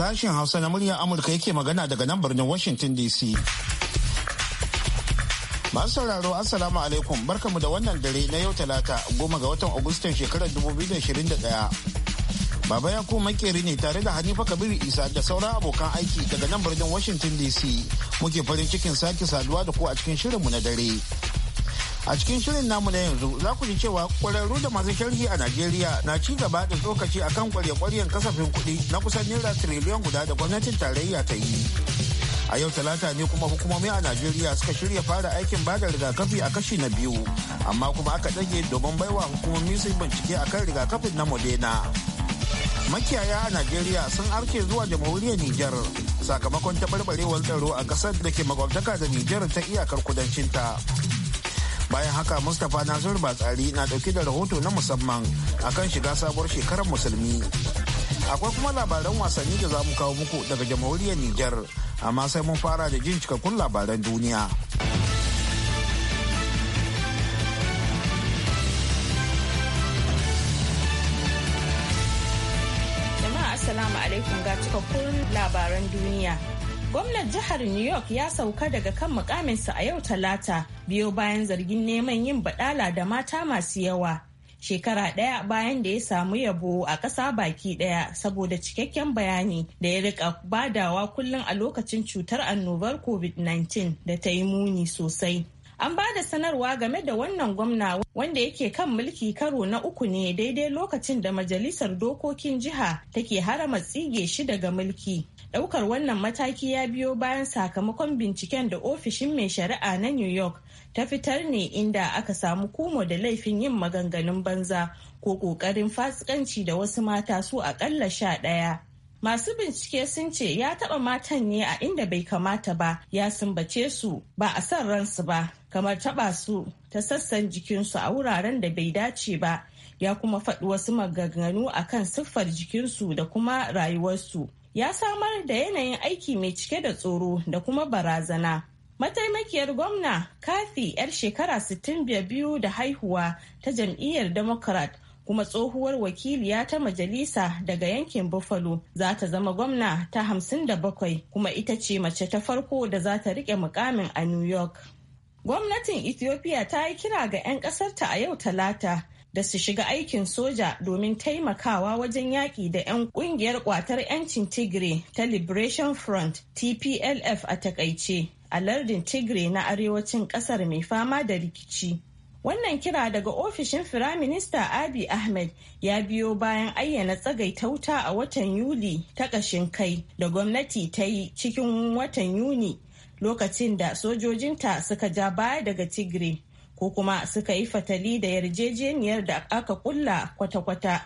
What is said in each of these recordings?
Sashen Hausa na muryar Amurka yake magana daga nan birnin Washington DC. Masu sauraro Assalamu alaikum barkamu da wannan dare na yau talata goma ga watan Agustan shekarar 2021. Baba ya kuma makeri ne tare da Hanifa Kabiru Isa da sauran abokan aiki daga nan birnin Washington DC muke farin cikin sake saduwa da ku a cikin shirinmu na dare. A cikin shirin namu na yanzu za ku ji cewa kwararru da masu sharhi a Najeriya na ci gaba da tsokaci a kan kwarye-kwaryen kasafin kuɗi na kusan naira tiriliyan guda da gwamnatin tarayya ta yi. A yau talata ne kuma hukumomi a Najeriya suka shirya fara aikin bada rigakafi a kashi na biyu, amma kuma aka ɗage domin baiwa hukumomi su bincike a kan rigakafin na Modena. Makiyaya a Najeriya sun arke zuwa jamhuriyar Nijar sakamakon tabarbarewar tsaro a kasar da ke makwabtaka da Nijar ta iyakar kudancinta. bayan haka mustapha nazir batsari na dauke da rahoto na musamman akan shiga sabuwar shekarar musulmi akwai kuma labaran wasanni da za mu kawo muku daga jamhuriyar niger amma sai mun fara da jin cikakkun labaran duniya jama'a assalamu alaikum ga cikakkun labaran duniya Gwamnan jihar New York ya sauka daga kan mukaminsa a yau talata biyo bayan zargin neman yin badala da mata masu yawa. Shekara ɗaya bayan da ya samu yabo a ƙasa baki ɗaya saboda cikakken bayani da ya rika badawa kullum a lokacin cutar annobar COVID-19 da ta yi muni sosai. An ba da sanarwa game da wannan gwamna wanda yake kan mulki karo na uku ne daidai lokacin da majalisar dokokin jiha take harama tsige shi daga mulki. Daukar wannan mataki ya biyo bayan sakamakon binciken da ofishin mai shari'a na New York ta fitar ne inda aka samu kumo da laifin yin maganganun banza ko ƙoƙarin fasikanci da wasu mata su ƙalla sha ɗaya. Masu bincike sun ce ya taɓa matan ne a inda bai kamata ba, ya sumbace su ba a son ransu ba, kamar taɓa su ta sassan jikinsu a wuraren da bai dace ba, ya kuma faɗi wasu maganganu a kan siffar jikinsu da kuma rayuwarsu. Ya samar da yanayin aiki mai cike da tsoro da kuma barazana. Mataimakiyar gwamna Kathy 'yar shekara 62 da haihuwa ta jam'iyyar Democrat kuma tsohuwar wakiliya ta majalisa daga yankin buffalo za ta zama gwamna ta hamsin da bakwai kuma ita ce mace ta farko da za ta rike mukamin a new york gwamnatin ethiopia ta yi kira ga 'yan kasarta a yau talata da su shiga aikin soja domin taimakawa wajen yaƙi da 'yan ƙungiyar ƙwatar 'yancin tigray ta liberation front tplf a takaice a lardin tigray na arewacin ƙasar mai fama da rikici Wannan kira daga ofishin Firaminista Abi Ahmed ya biyo bayan ayyana tsagaita wuta a watan Yuli ta ƙashin kai da gwamnati ta yi cikin watan Yuni lokacin da sojojinta suka ja baya daga Tigray ko kuma suka yi fatali da yarjejeniyar da aka kulla kwata-kwata.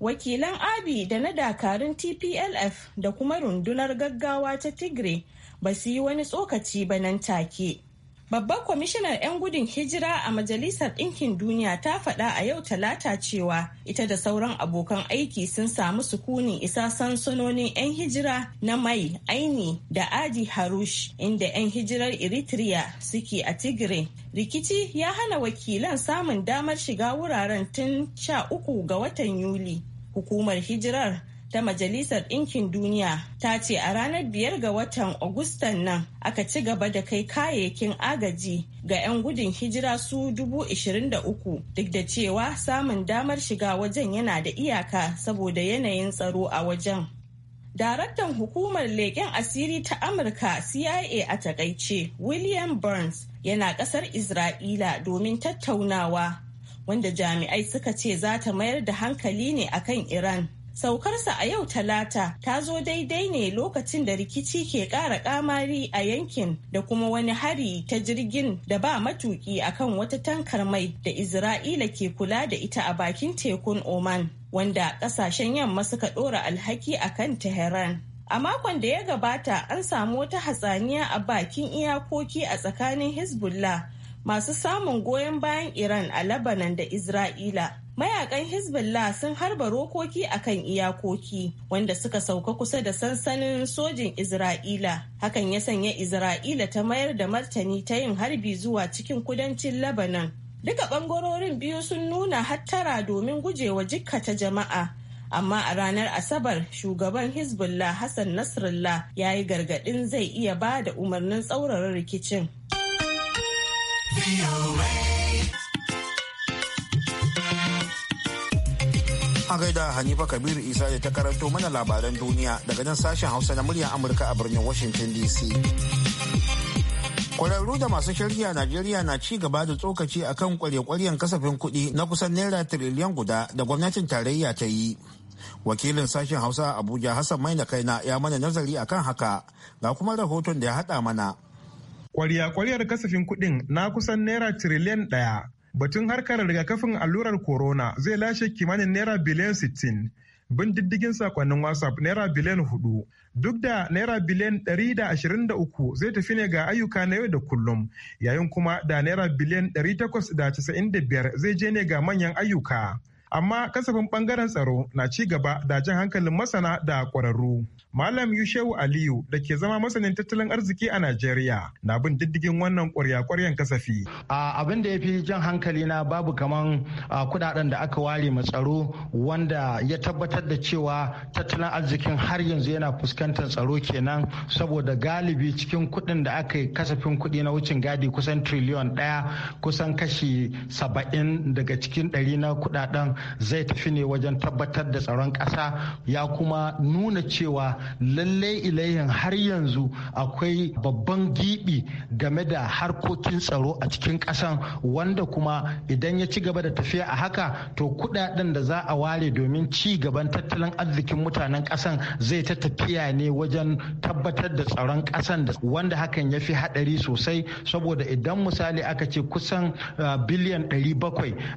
Wakilan Abi da na dakarun TPLF da kuma rundunar gaggawa ta Tigray ba su yi wani tsokaci ba nan take. Babbar kwamishinar 'yan gudun hijira a Majalisar Ɗinkin Duniya ta faɗa a yau talata cewa ita da sauran abokan aiki sun samu sukunin isa sansanonin 'yan hijira na mai aini da adi harush inda 'yan hijirar Eritrea suke a Tigray. Rikici ya hana wakilan samun damar shiga wuraren tun sha uku ga watan Yuli. Hukumar hijirar ta Majalisar Ɗinkin Duniya ta ce a ranar biyar ga watan Agustan nan aka ci gaba da kai kayayyakin agaji ga 'yan gudun hijira su dubu uku duk da cewa samun damar shiga wajen yana da iyaka saboda yanayin tsaro a wajen. Daraktan hukumar leƙen asiri ta Amurka CIA a takaice William Burns yana ƙasar Isra'ila domin tattaunawa wanda jami'ai suka ce za ta mayar da hankali ne akan Iran. Saukarsa a yau Talata ta zo daidai ne lokacin da rikici ke ƙara ƙamari a yankin da kuma wani hari ta jirgin da ba matuki akan wata tankar mai da Isra'ila ke kula da ita a bakin tekun Oman, wanda ƙasashen yamma suka ɗora alhaki a kan Tehran. A makon da ya gabata an samu wata hatsaniya a bakin iyakoki a tsakanin Hezbollah masu samun goyon bayan Iran a Lebanon da Isra'ila. mayakan hezbollah sun harba rokoki akan iyakoki wanda suka sauka kusa da sansanin sojin isra'ila hakan ya sanya isra'ila ta mayar da martani ta yin harbi zuwa cikin kudancin labanan duka bangarorin biyu sun nuna hattara domin gujewa jikkata jama'a amma a ranar asabar shugaban hezbollah hassan nasrallah ya yi gargadin zai iya ba da umarnin tsauraran rikicin. An gaida Hanifa Kabiru Isa da ta karanto mana labaran duniya daga nan sashen Hausa na muryar Amurka a birnin Washington DC. Kwararru da masu shirya Najeriya na ci gaba da tsokaci akan kwarye-kwaryen kasafin kuɗi na kusan naira tiriliyan guda da gwamnatin tarayya ta yi. Wakilin sashen Hausa Abuja Hassan Maina Kaina ya mana nazari akan haka ga kuma rahoton da ya haɗa mana. Kwarya-kwaryar kasafin kuɗin na kusan naira tiriliyan ɗaya Batun harkar rigakafin allurar corona zai lashe kimanin naira biliyan 60 bin diddigin sakonnin WhatsApp naira biliyan 4 duk da naira biliyan 123 zai tafi ne ga ayyuka na yau da kullum yayin kuma da naira biliyan 895 zai je ne ga manyan ayyuka. amma kasafin bangaren tsaro na ci gaba da jan hankalin masana da kwararru. Malam Yushewu Aliyu da ke zama masanin tattalin arziki a Najeriya na bin diddigin wannan kwarya-kwaryan kasafi. Abin da ya fi jan hankali na babu kaman kudaden da aka ware ma tsaro wanda ya tabbatar da cewa tattalin arzikin har yanzu yana fuskantar tsaro kenan saboda galibi cikin kuɗin da aka yi kasafin kuɗi na wucin gadi kusan triliyon ɗaya kusan kashi saba'in daga cikin ɗari na kudaden zai tafi ne wajen tabbatar da tsaron ƙasa ya kuma nuna cewa lallai ilayin har yanzu akwai babban giɓi game da harkokin tsaro a cikin ƙasan wanda kuma idan ya ci gaba da tafiya a haka to kuɗaɗen da za a ware domin ci gaban tattalin arzikin mutanen ƙasan zai ta tafiya ne wajen tabbatar da tsaron ƙasan da wanda hakan ya fi haɗari sosai saboda idan misali aka ce kusan eh, biliyan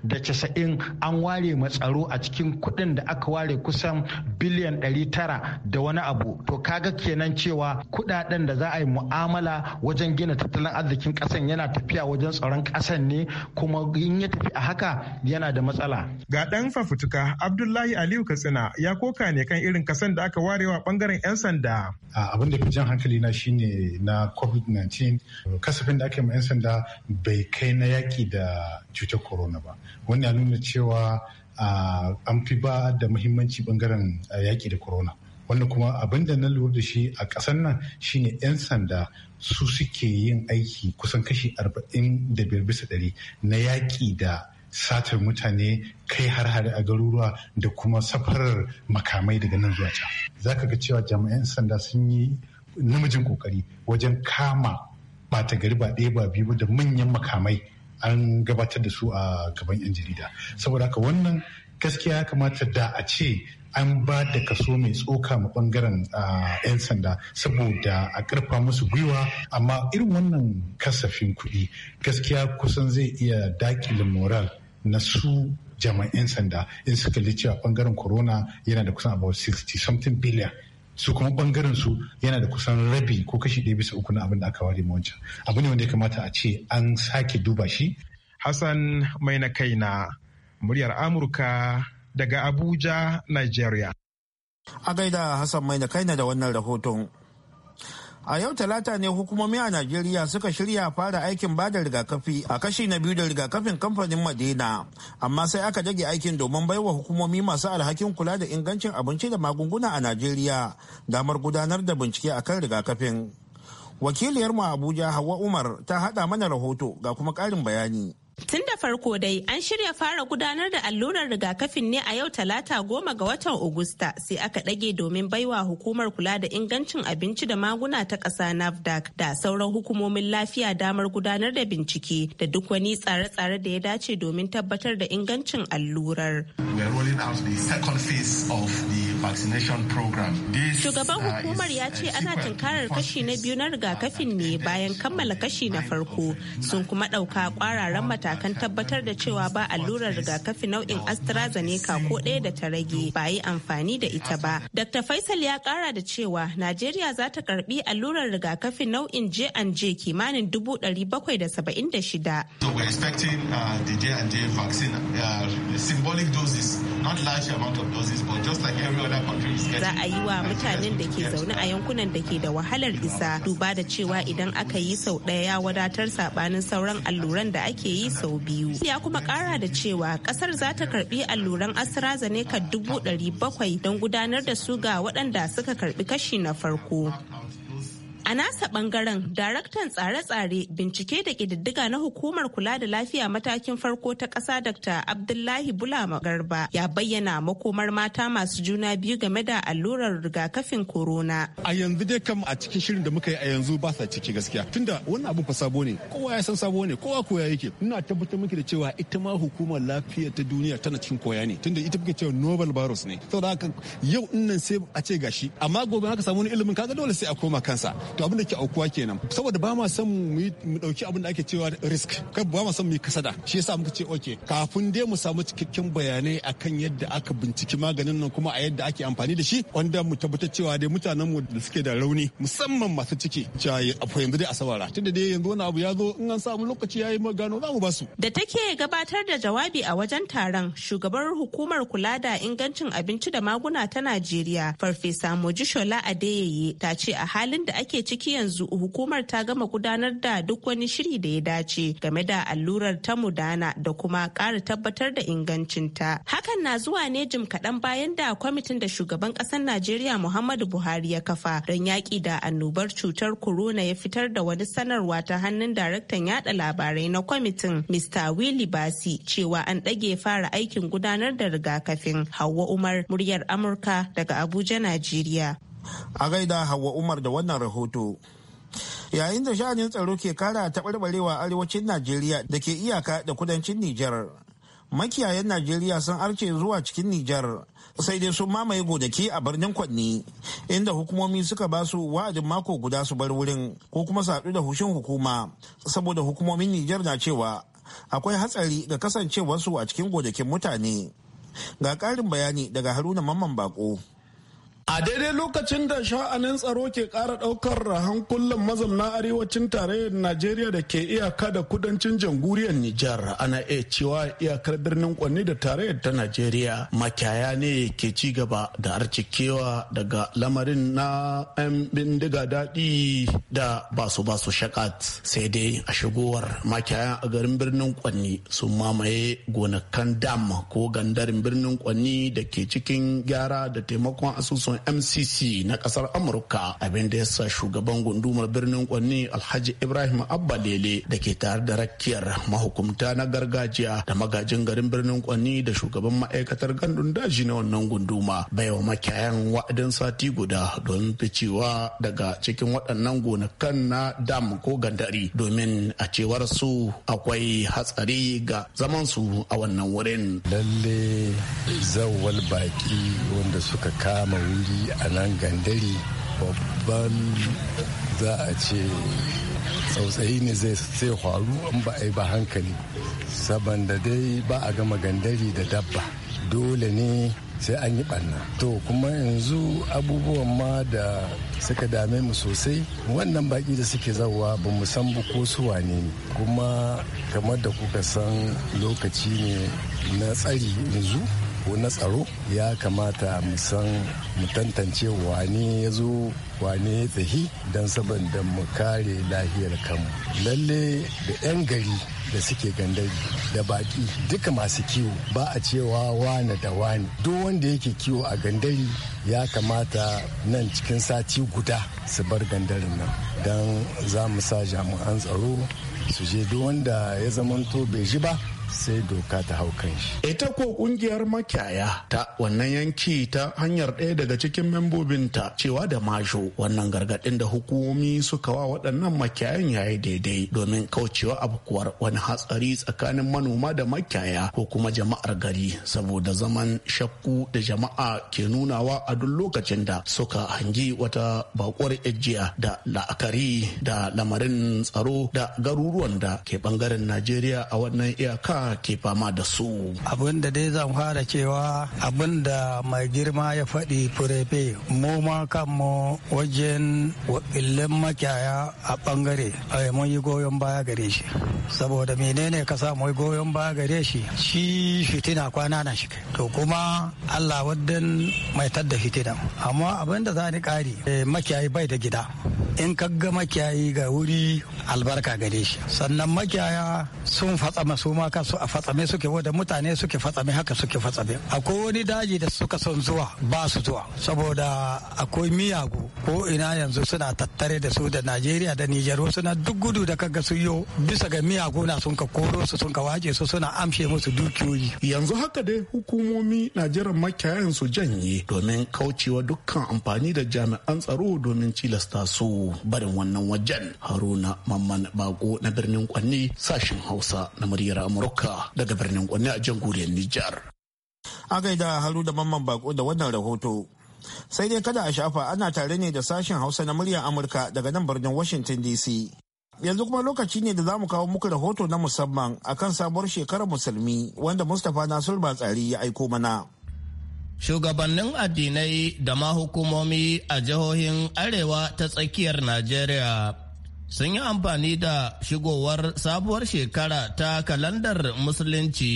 da casain an ware cire ma tsaro a cikin kuɗin da aka ware kusan biliyan ɗari tara da wani abu to kaga kenan cewa kuɗaɗen da za a yi mu'amala wajen gina tattalin arzikin ƙasan yana tafiya wajen tsaron ƙasan ne kuma in ya tafi a haka yana da matsala ga ɗan fafutuka abdullahi aliyu katsina ya koka ne kan irin kasan da aka warewa bangaren 'yan sanda abin da fi hankali na shine na covid-19 kasafin da aka yi ma 'yan sanda bai kai na yaki da cutar corona ba wannan ya nuna cewa an fi ba da muhimmanci bangaren yaƙi da corona Wannan kuma abin da na lura da shi a ƙasar nan shine 'yan sanda su suke yin aiki kusan kashi 45 bisa ɗari na yaƙi da satar mutane kai har hare a garuruwa da kuma safarar makamai daga nan zuwa can za ka ga cewa jami'an sanda sun yi namijin kokari wajen kama bata gari ba ɗaya ba biyu da manyan makamai an gabatar da su a gaban 'yan jarida saboda haka wannan gaskiya ya kamata da a ce an ba da kaso mai tsoka ma bangaren 'yan sanda saboda a karfa musu gwiwa amma irin wannan kasafin kuɗi gaskiya kusan zai iya dakile moral na su jama'in 'yan sanda in suka li cewa bangaren corona yana da kusan about 60 something billion su kuma bangaren su yana da kusan rabi ko kashi ɗaya bisa uku na abin da aka ware ma wancan abu ne wanda ya kamata a ce an sake duba shi hassan mai na kai na muryar amurka daga abuja nigeria a gaida hassan mai na kaina da wannan rahoton A yau talata ne hukumomi a Najeriya suka shirya fara aikin bada rigakafi a kashi na biyu da rigakafin kamfanin Madina, amma sai aka dage aikin domin baiwa hukumomi masu alhakin kula da ingancin abinci da magunguna a Najeriya damar gudanar da bincike akan rigakafin. wakiliyar mu Abuja Hawa Umar ta haɗa mana rahoto ga kuma ƙarin bayani. Tun da farko dai an shirya fara gudanar da allurar rigakafin ne a yau talata goma ga watan Agusta sai aka ɗage domin baiwa hukumar kula da ingancin abinci da maguna ta ƙasa NAFDAC da sauran hukumomin lafiya damar gudanar da bincike da duk wani tsare-tsare da ya dace domin tabbatar da ingancin allurar. Shugaban uh, hukumar ya ce ana tunkarar kashi na biyu na uh, rigakafin ne bayan kammala kashi na farko sun kuma ɗauka ƙwararren matakan matakan tabbatar da cewa ba allurar rigakafi nau'in AstraZeneca ko ɗaya da ta rage ba yi amfani da ita ba. Dr. Faisal ya kara da cewa Najeriya za ta karbi allurar rigakafi nau'in J&J kimanin 776. Uh, uh, za a yi wa mutanen da ke zaune a yankunan da ke da wahalar isa duba da cewa idan aka yi sau ɗaya ya wadatar sabanin sauran alluran da ake yi sau biyu. Ya kuma kara da cewa kasar za ta karbi alluran AstraZeneca dubu ɗari don gudanar da su ga waɗanda suka karbi kashi na farko. A nasa bangaren, daraktan tsare-tsare bincike da ƙididdiga na hukumar kula da lafiya matakin farko ta ƙasa Dr. Abdullahi Bulama Garba ya bayyana makomar mata masu juna biyu game da allurar rigakafin corona. A yanzu dai kam a cikin shirin da muka yi a yanzu ba sa ciki gaskiya. Tunda wannan abun fa sabo ne, kowa ya san sabo ne, kowa koya yake. Ina tabbatar miki da cewa ita ma hukumar lafiya ta duniya tana cikin koya ne. Tunda ita muke cewa novel virus ne. Saboda haka yau nan sai a ce gashi, amma gobe haka samu wani ilimin kaga dole sai a koma kansa. to abin da ke aukuwa kenan saboda ba ma son mu dauki abin da ake cewa risk kai ba ma son mu kasada shi yasa muka ce okay kafin dai mu samu cikakken bayanai akan yadda aka binciki maganin nan kuma a yadda ake amfani da shi wanda mu tabbatar cewa dai mutanen mu da suke da rauni musamman masu ciki cewa a yanzu dai a sawara tunda dai yanzu wani abu ya zo in an samu lokaci yayi magano za mu ba su da take gabatar da jawabi a wajen taron shugabar hukumar kula da ingancin abinci da maguna ta Najeriya farfesa Mojishola Adeyeye ta ce a halin da ake ake ciki yanzu hukumar ta gama gudanar da duk wani shiri da ya dace game da allurar ta mudana da kuma ƙara tabbatar da ingancinta. Hakan na zuwa ne jim kaɗan bayan da kwamitin da shugaban ƙasar Najeriya Muhammadu Buhari ya kafa don yaƙi da annobar cutar corona ya fitar da wani sanarwa ta hannun daraktan yada labarai na kwamitin Mr. Willy Basi cewa an ɗage fara aikin gudanar da rigakafin. Hauwa Umar, muryar Amurka daga Abuja, Najeriya. A gaida Hauwa Umar da wannan rahoto. Yayin da sha'anin tsaro ke kara taɓarɓarewa arewacin Najeriya da ke iyaka da kudancin Nijar. Makiyayan Najeriya sun arce zuwa cikin Nijar sai dai sun mamaye gonaki a birnin Kwanni inda hukumomi suka ba su wa'adin mako guda su bar wurin ko kuma su haɗu da hushin hukuma saboda hukumomin Nijar na cewa akwai hatsari ga kasancewarsu a cikin gonakin mutane. Ga ƙarin bayani daga Haruna Mamman Bako. A daidai lokacin da sha'anin tsaro ke ƙara ɗaukar hankulan mazamna arewacin tarayyar Najeriya da ke iyaka da kudancin jamhuriyar Nijar ana iya cewa iyakar birnin Kwanni da tarayyar ta Najeriya makiyaya ne ke ci gaba da arcikewa daga lamarin na 'yan bindiga daɗi da basu basu shakat sai dai a shigowar makiyaya a garin birnin Kwanni sun mamaye gonakan dam ko gandarin birnin Kwanni da ke cikin gyara da taimakon asusun mcc na kasar amurka abin da ya sa shugaban gundumar birnin kwanni alhaji ibrahim abba lele da ke tare da rakiyar mahukumta na gargajiya da magajin garin birnin kwanni da shugaban ma'aikatar gandun daji na wannan gunduma baiwa makiyayan wa'adin sati guda don ficewa daga cikin waɗannan gonakan na dam ko gandari domin a cewar su akwai hatsari ga zaman su a wannan wurin lalle zawwal baki wanda suka kama wuri wuri a nan gandari babban za a ce tsautsayi ne zai faru in ba a yi ba hankali saboda dai ba a gama gandari da dabba dole ne sai an yi ɓanna to kuma yanzu abubuwan ma da suka dame mu sosai wannan baki da suke zawa ba mu san ko su ne kuma kamar da kuka san lokaci ne na tsari yanzu ko na tsaro ya kamata mu san mu tantance wane ya zo wane ya tsahi don saboda mu kare lahiyar kanmu lalle da 'yan gari da suke gandari da baki duka masu kiwo ba a cewa wane da wane duk wanda yake kiwo a gandari ya kamata nan cikin sati guda su bar gandarin nan don za mu sa jami'an tsaro su je duk wanda ya zamanto bai ji ba sai doka ta hau kan shi. Ita ko kungiyar makiyaya ta wannan yanki ta hanyar ɗaya daga cikin membobinta cewa da masho wannan gargaɗin da hukumomi suka wa waɗannan makiyayan yayi daidai domin kaucewa abubuwar wani hatsari tsakanin manoma da makiyaya ko kuma jama'ar gari saboda zaman shakku da jama'a ke nunawa a duk lokacin da suka hangi wata bakuwar ijiya da la'akari da lamarin tsaro da garuruwan da ke bangaren Najeriya a wannan iyaka jihar ke fama da su. Abin da dai zan fara cewa abin da mai girma ya faɗi furefe mu ma kanmu wajen wakilin makiyaya a bangare mun yi goyon baya gare shi. Saboda menene ka sa mu goyon baya gare shi shi fitina kwana na shi to kuma Allah waddan mai tadda fitina amma abin da za ni ƙari eh, makiyayi bai da gida in kagga makiyayi ga wuri albarka gare shi sannan makiyaya sun fatsa masu ma su a fatsame suke wadda mutane suke fatsame haka suke fatsame akwai wani daji da suka son zuwa ba su zuwa saboda akwai miyagu ko ina yanzu suna tattare da su da najeriya da nijar wasu na duk gudu da kaga su yo bisa ga miyagu na sun ka koro su sun ka waje su suna amshe musu dukiyoyi yanzu haka dai hukumomi na jiran makiyayan su janye domin kaucewa dukkan amfani da jami'an tsaro domin cilasta su barin wannan wajen haruna mamman bako na birnin kwanne sashen hausa na muryar amurka amurka daga birnin kwanne a jamhuriyar nijar a gaida haru da mamman bako da wannan rahoto sai dai kada a shafa ana tare ne da sashen hausa na muryar amurka daga nan birnin washington dc yanzu kuma lokaci ne da za mu kawo muku rahoto na musamman a kan sabuwar shekarar musulmi wanda mustapha nasir batsari ya aiko mana shugabannin addinai da ma hukumomi a jihohin arewa ta tsakiyar najeriya sun yi amfani da shigowar sabuwar shekara ta kalandar musulunci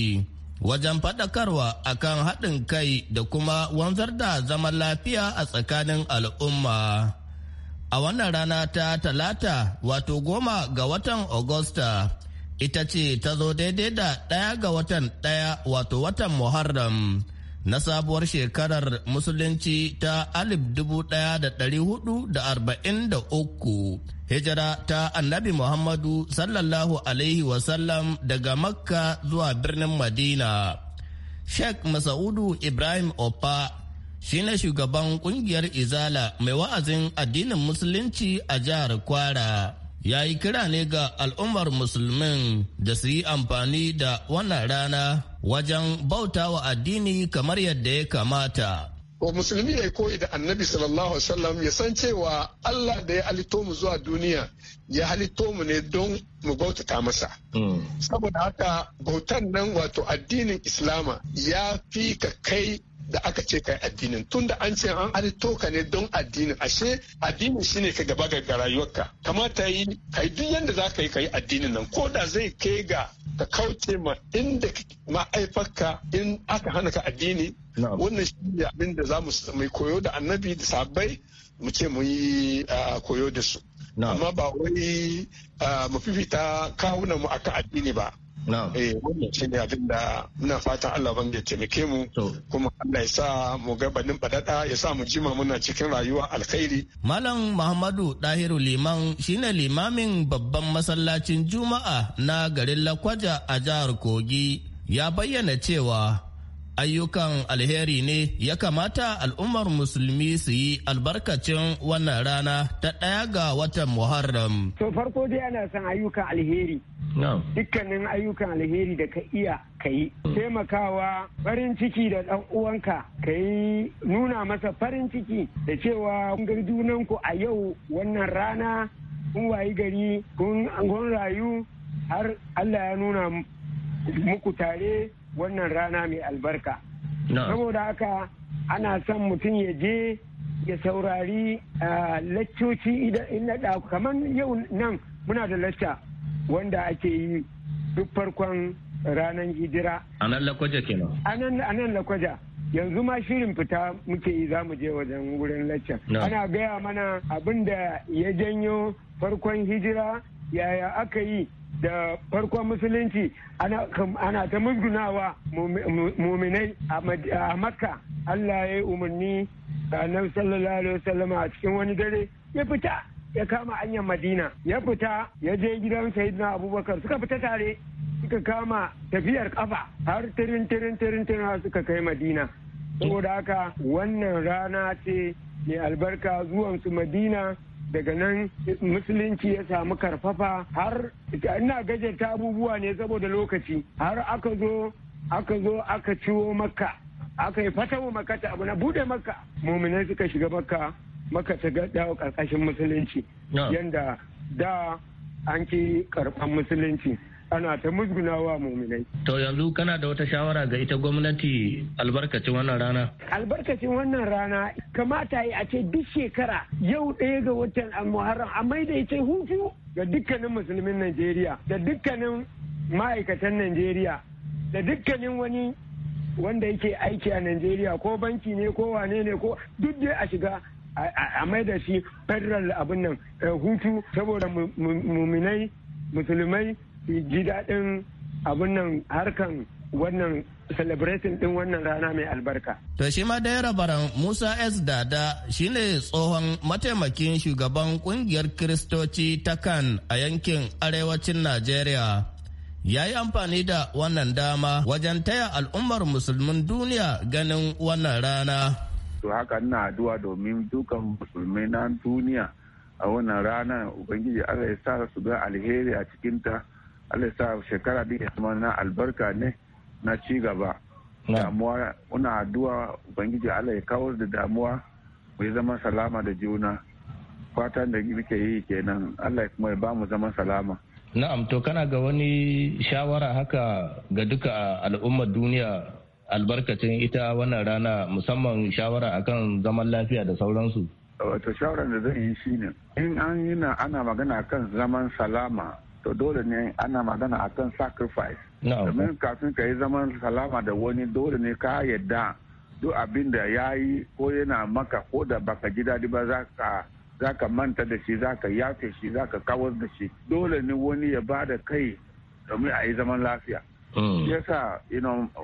wajen faɗakarwa a kan haɗin kai da kuma wanzar da zaman lafiya a tsakanin al'umma. A wannan rana ta talata wato goma ga watan Agusta ita ce ta zo daidai da ɗaya ga watan ɗaya wato watan Muharram. na sabuwar shekarar musulunci ta 1443 hijira ta annabi muhammadu sallallahu alaihi wasallam daga makka zuwa birnin madina sheikh masaudu ibrahim opa shine shugaban kungiyar izala mai wa'azin addinin musulunci a jihar kwara ya yi kira ne ga al'ummar musulmin da su yi amfani da wannan rana wajen bauta wa addini kamar yadda ya kamata. wa musulmi ya koyi da annabi sallallahu alaihi ya san cewa Allah da ya halitto mu zuwa duniya ya halitto mu ne don mu bautata masa hmm. saboda haka bautan nan wato addinin islama ya fi ka kai da aka ce kai addinin tunda an ce an alito ka ne don addinin ashe addini shine ka gaba ga rayuwarka kamata yi kai duk yanda za ka yi kai addinin nan ko da zai kai ga ka kauce ma inda ma'aifarka in aka hana ka addini wannan shi ne abin da za mu mai koyo da annabi da sabbai mu ce mu yi koyo da su amma ba wai mu fifita kawunan mu aka addini ba Eh wannan shi ne abin da muna fatan Allah ban da taimake mu kuma Allah ya sa mu ga banin badada ya sa mu jima muna cikin rayuwa alkhairi. Malam Muhammadu Dahiru Liman shine limamin babban masallacin Juma'a na garin Lakwaja a jihar Kogi ya bayyana cewa ayyukan alheri ne ya kamata al'ummar musulmi su yi albarkacin wannan rana ta ɗaya ga watan Muharram. To farko dai ana son ayyukan alheri. Dukkanin ayyukan alheri da ka iya ka yi. Taimakawa farin ciki da ɗan uwanka ka yi nuna masa farin ciki da cewa ku a yau wannan rana kun wayi gari kun rayu har Allah ya nuna muku tare wannan rana mai albarka saboda haka ana son mutum ya je ya saurari laccoci idan kamar yau nan muna da lacca wanda ake yi duk farkon ranar hijira a nan lakwaja kenan a nan lakwaja yanzu ma shirin fita muke yi za mu je wajen wurin lacca ana gaya mana abin da ya janyo farkon hijira yaya aka yi da farkon musulunci ana ta musgunawa muminai a makka allah ya yi umarni annabi sallallahu alaihi wasallam a cikin wani dare ya fita ya kama hanyar madina ya fita ya je gidan sayyidina abubakar suka fita tare suka kama tafiyar kafa har tirin tirin tirin tirin suka kai madina saboda haka wannan rana ce mai albarka zuwan su madina daga nan musulunci ya samu karfafa har ina gajeta abubuwa ne saboda lokaci har aka zo aka zo aka ciwo maka aka yi maka ta abu na bude maka muminai suka shiga maka maka ta dawo karkashin musulunci yanda da an ki karban musulunci ana ta musgunawa muminai. To yanzu kana da wata shawara ga ita gwamnati albarkacin wannan rana? Albarkacin wannan rana kamata yi a ce duk shekara yau ɗaya ga watan Muharram a maida ita hutu ga dukkanin musulmin Najeriya da dukkanin ma'aikatan Najeriya da dukkanin wani wanda yake aiki a Najeriya ko banki ne ko wane ne ko duk dai a shiga a maida shi federal abin nan eh, hutu saboda muminai musulmai ji daɗin abin nan harkan wannan celebrating din wannan rana mai albarka. To shi ma dai rabaran Musa S. Dada shi ne tsohon mataimakin shugaban kungiyar Kiristoci ta kan a yankin arewacin Najeriya. Ya yi amfani da wannan dama wajen taya al'ummar musulmin duniya ganin wannan rana. To haka ina addu'a domin dukan musulmai na duniya a wannan rana Ubangiji Allah ya sa su ga alheri a cikinta. ta Allah sa shekara din ya zama na albarka ne na ci gaba damuwa muna addu'a ubangiji Allah ya kawo da damuwa mu zama salama da juna fatan da muke yi kenan Allah kuma ya bamu zaman salama na'am to kana ga wani shawara haka ga duka al'ummar duniya albarkacin ita wannan rana musamman shawara akan zaman lafiya da sauransu wato shawara da zan yi shine in an yi ana magana kan zaman salama to dole ne ana magana akan sacrifice domin kafin ka yi zaman salama da wani dole ne ka yadda duk abin da ya yi ko yana maka ko da baka ji daɗi ba za ka za manta da shi za ka yafe shi za ka kawar da shi dole ne wani ya ba da kai domin a yi zaman lafiya Mm. yasa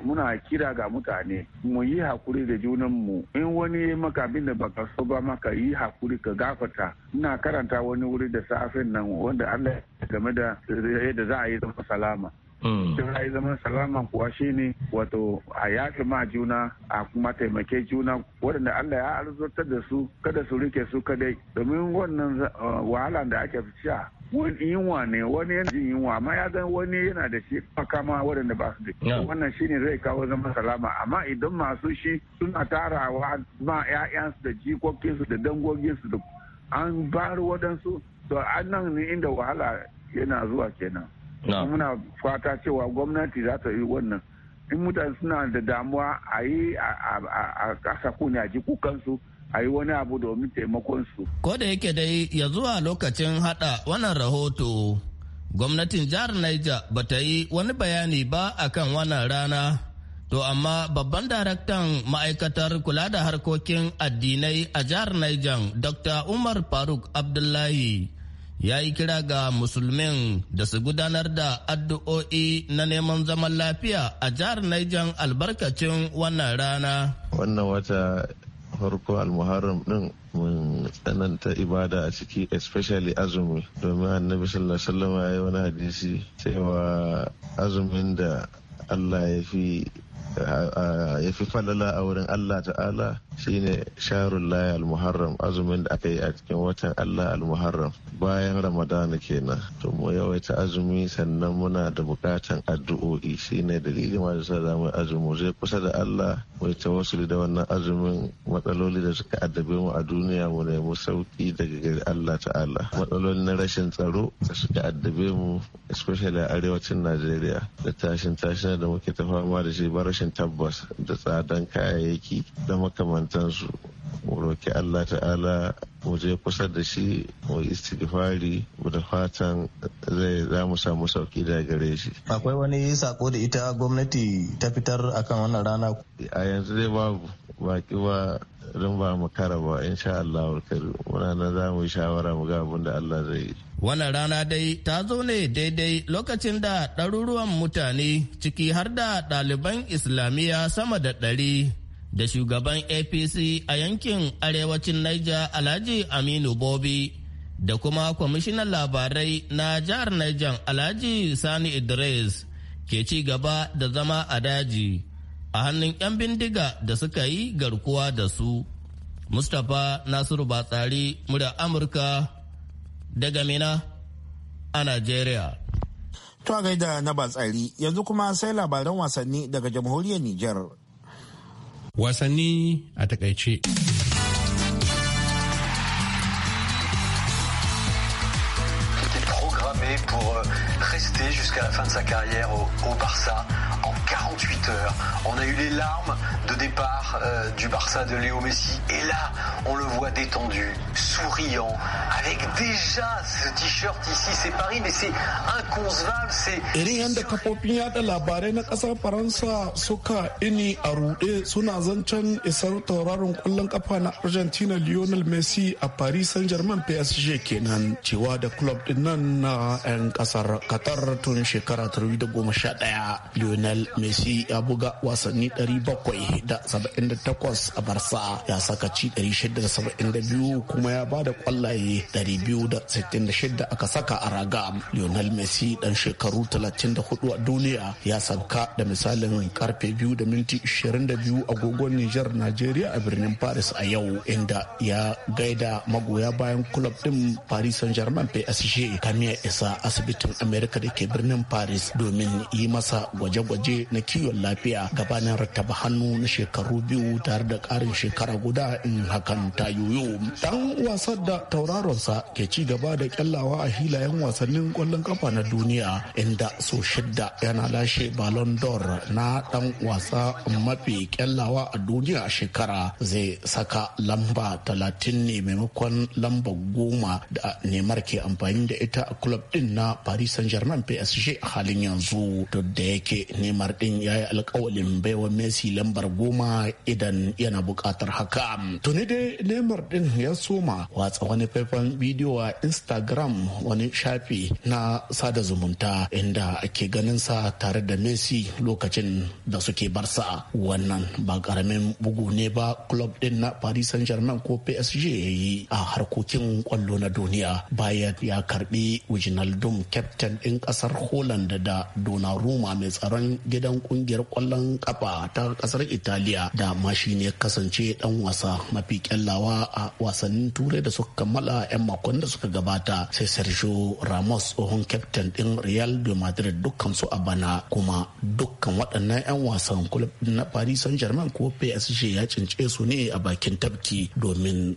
muna kira ga mutane mu yi hakuri da junan mu in wani ya maka abin da baka so ba maka yi hakuri ka gafata ina karanta wani wuri da safin nan wanda Allah game da yadda za a yi zama salama Shin mm. a zaman salama kuwa shine wato a yafe ma juna a kuma taimake juna waɗanda Allah ya arzotar da su kada su rike su kadai domin wannan uh, wahala da ake sha yunwa ne wani yana jin yunwa amma ya zan wani yana da shi makama waɗanda ba su da wannan shine zai kawo zama salama amma idan masu shi suna tarawa ma 'ya'yansu da jikokinsu da dangoginsu da an bar waɗansu to an nan ne inda wahala yana zuwa kenan muna fata cewa gwamnati za ta yi wannan in mutane suna da damuwa a yi a kasa kuni a ji kukansu a yi wani abu domin taimakon su. Ko da yake dai ya zuwa lokacin hada wannan rahoto gwamnatin jihar Niger ba ta yi wani bayani ba akan wannan rana. To amma babban daraktan ma'aikatar kula da harkokin addinai a jihar Niger Dr. Umar Faruk Abdullahi ya yi kira ga musulmin da su gudanar da addu'o'i na neman zaman lafiya a jihar Niger albarkacin wannan rana. Wannan wata farko almuharram din mun tsananta ibada a ciki especially azumi domin annabi sallallahu alaihi wasallam ya yi wani hadisi cewa azumin da Allah ya fi Eh, eh, ya fi falala a wurin Allah ta'ala shine sharul layi al-muharram azumin da aka yi a cikin watan Allah al-muharram bayan ramadana kenan to mu yawaita azumi sannan muna da bukatan addu'o'i shine dalilin ma da sa mu azumi zai kusa da Allah mu ta wasu da wannan azumin matsaloli da suka addabe mu a duniya mu nemi sauki daga gari Allah ta'ala matsalolin na rashin tsaro da suka addabe mu especially a arewacin Najeriya da tashin tashin da muke ta fama da shi ba rashin rashin tabbas da tsadan kayayyaki da makamantansu mu roki allah ta'ala mu kusa da shi mu istighfari mu da fatan zai za mu samu sauki da gare shi akwai wani sako da ita gwamnati ta fitar akan wannan rana a yanzu dai babu baki ba don ba mu kara ba insha Allah muna nan za mu yi shawara mu ga abin da Allah zai yi Wannan rana dai ta zo ne daidai lokacin da ɗaruruwan mutane ciki har da ɗaliban Islamiyya sama da ɗari da shugaban APC a yankin arewacin Niger Alhaji Aminu Bobi da kuma kwamishinan labarai na jihar Niger Alhaji Sani Idris ke ci gaba da zama a daji a hannun 'yan bindiga da suka yi garkuwa da su. Mustapha Nasiru Batsari, murya Amurka. daga Mina a Najeriya. To a gaida na batsari yanzu kuma sai labaran wasanni daga jamhuriyar Nijar. Wasanni a takaice. Pour rester jusqu'à la fin de sa carrière au, au Barça 48 heures. On a eu les larmes de départ euh, du Barça de Léo Messi. Et là, on le voit détendu, souriant, avec déjà ce t-shirt ici, c'est Paris, mais c'est inconcevable, c'est... Irin yadda kafofin yada labarai na kasar Faransa suka ini a ruɗe suna zanchan, et tauraron kwallon kafa na Argentina Lionel Messi à Paris Saint-Germain PSG kenan cewa da club din nan na kasar Qatar tun shekara 2011. Lionel messi ya buga wasanni 778 a barsa ya saka ci 672 kuma ya ba da kwallaye 266 aka saka a raga lionel messi dan shekaru 34 a duniya ya sabka da misalin karfe 2 da minti 22 agogon niger nigeria a birnin paris a yau inda ya gaida magoya bayan kulob din paris saint-germain psg kan ya isa asibitin america da ke birnin paris domin yi masa gwaje-gwaje na kiwon lafiya gabanin rattaba hannu na shekaru biyu tare da ƙarin shekara guda in hakan ta yoyo. Dan wasan da tauraronsa ke ci gaba da kyallawa a hilayen wasannin ƙwallon kafa na duniya inda so shidda yana lashe Ballon d'Or na dan wasa mafi kyallawa a duniya a shekara zai saka lamba talatin ne maimakon lamba goma da Neymar ke amfani da ita a club din na Paris Saint-Germain PSG a halin yanzu duk da yake Neymar din ya yi alkawalin baiwa messi lambar goma idan yana buƙatar haka tuni dai neymar din ya soma watsa wani faifan bidiyo a instagram wani shafi na sada zumunta inda ake ganin sa tare da messi lokacin da suke barsa wannan ba karamin bugu ne ba club din na paris saint germain ko psg ya yi a harkokin kwallo na duniya bayan ya karbi wijinaldum captain din kasar holland da donnarumma mai tsaron gidan dan kungiyar kwallon kafa ta kasar Italiya da ma shi ne kasance dan wasa mafi kyallawa a wasannin Turai da suka kammala 'yan makon da suka gabata sai Sergio Ramos tsohon captain din Real de Madrid dukkan su a bana kuma dukkan waɗannan 'yan wasan club na Paris Saint-Germain ko PSG ya cince su ne a bakin tafki domin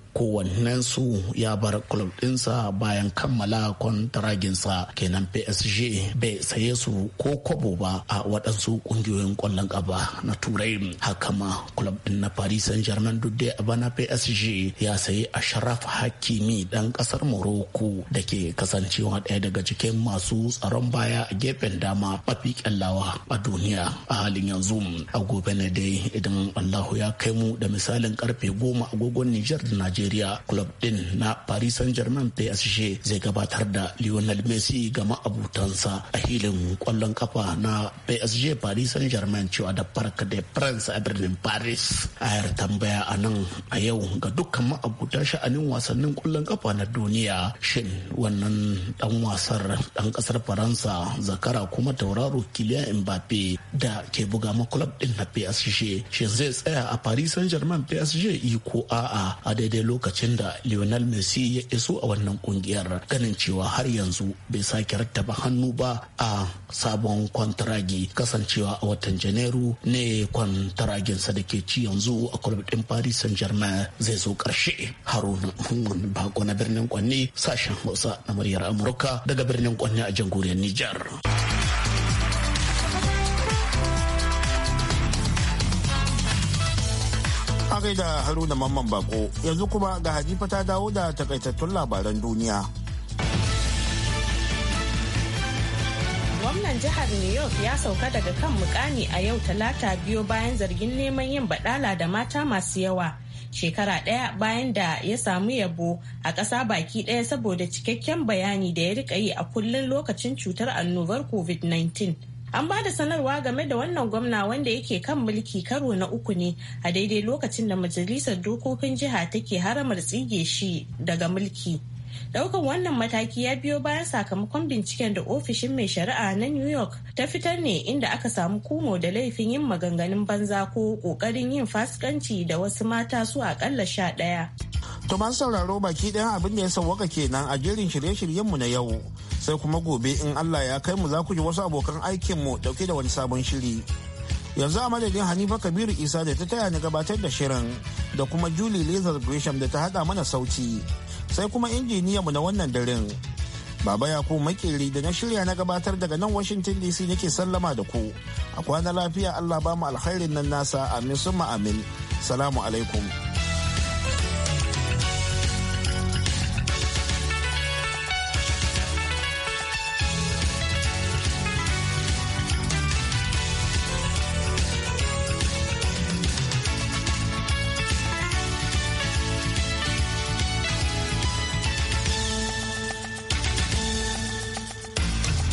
su ya bar club ɗinsa bayan kammala kwantaraginsa kenan PSG bai saye su ko kwabo ba a waɗansu wasu kungiyoyin kwallon kafa na turai haka ma club din na paris saint germain duk dai a bana psg ya sayi ashraf hakimi dan kasar morocco da ke kasancewa daya daga cikin masu tsaron baya a gefen dama mafi kyallawa a duniya a halin yanzu a gobe ne dai idan allahu ya kai mu da misalin karfe goma agogon niger da nigeria club din na paris saint germain psg zai gabatar da lionel messi ga ma'abutansa a hilin kwallon kafa na psg paris saint germain cewa da park de prince a birnin paris ayar tambaya a nan a yau ga dukkan ma'abuta sha'anin wasannin kullon kafa na duniya shin wannan dan wasar dan kasar faransa zakara kuma tauraro Kylian mbappe da ke buga ma club din na psg shin zai tsaya a paris saint germain psg ko a'a a daidai lokacin da lionel messi ya iso a wannan kungiyar ganin cewa har yanzu bai sake rattaba hannu ba a sabon kwantaragi kasance cewa a watan janairu ne kwantaraginsa da ke ci yanzu a club din paris saint germain zai zo karshe haruna muhammad bako na birnin kwanne sashen hausa na muryar amurka daga birnin kwanne a jamhuriyar nijar a gaida haruna mamman bako yanzu kuma ga hadifa ta dawo da takaitattun labaran duniya Gwamnan jihar New York ya sauka daga kan mukami a yau talata biyo bayan zargin neman yin badala da mata masu yawa. Shekara ɗaya bayan da ya samu yabo a ƙasa baki ɗaya saboda cikakken bayani da ya rika yi a kullum lokacin cutar annobar COVID-19. An ba da sanarwa game da wannan gwamna wanda yake kan mulki karo na uku ne a daidai lokacin da majalisar dokokin jiha take haramar tsige shi daga mulki. Daukan wannan mataki ya biyo bayan sakamakon binciken da ofishin mai shari'a na New York ta fitar ne inda aka samu kumo da laifin yin maganganun banza ko kokarin yin fasikanci da wasu mata su akalla sha ɗaya. To masu sauraro baki ɗayan abin da ya sauwaka kenan a jerin shirye-shiryenmu na yau. Sai kuma gobe in Allah ya kai mu za ku ji wasu abokan aikinmu dauke da wani sabon shiri. Yanzu a madadin Hanifa Kabiru Isa da ta taya ni gabatar da shirin da kuma Julie Lazar Gresham da ta haɗa mana sauti. sai kuma mu na wannan daren. Baba ya Yakubu Makeri da na shirya na gabatar daga nan Washington DC nake sallama da ku. A kwana lafiya Allah ba mu alkhairin nan nasa amin summa amin. Salamu alaikum.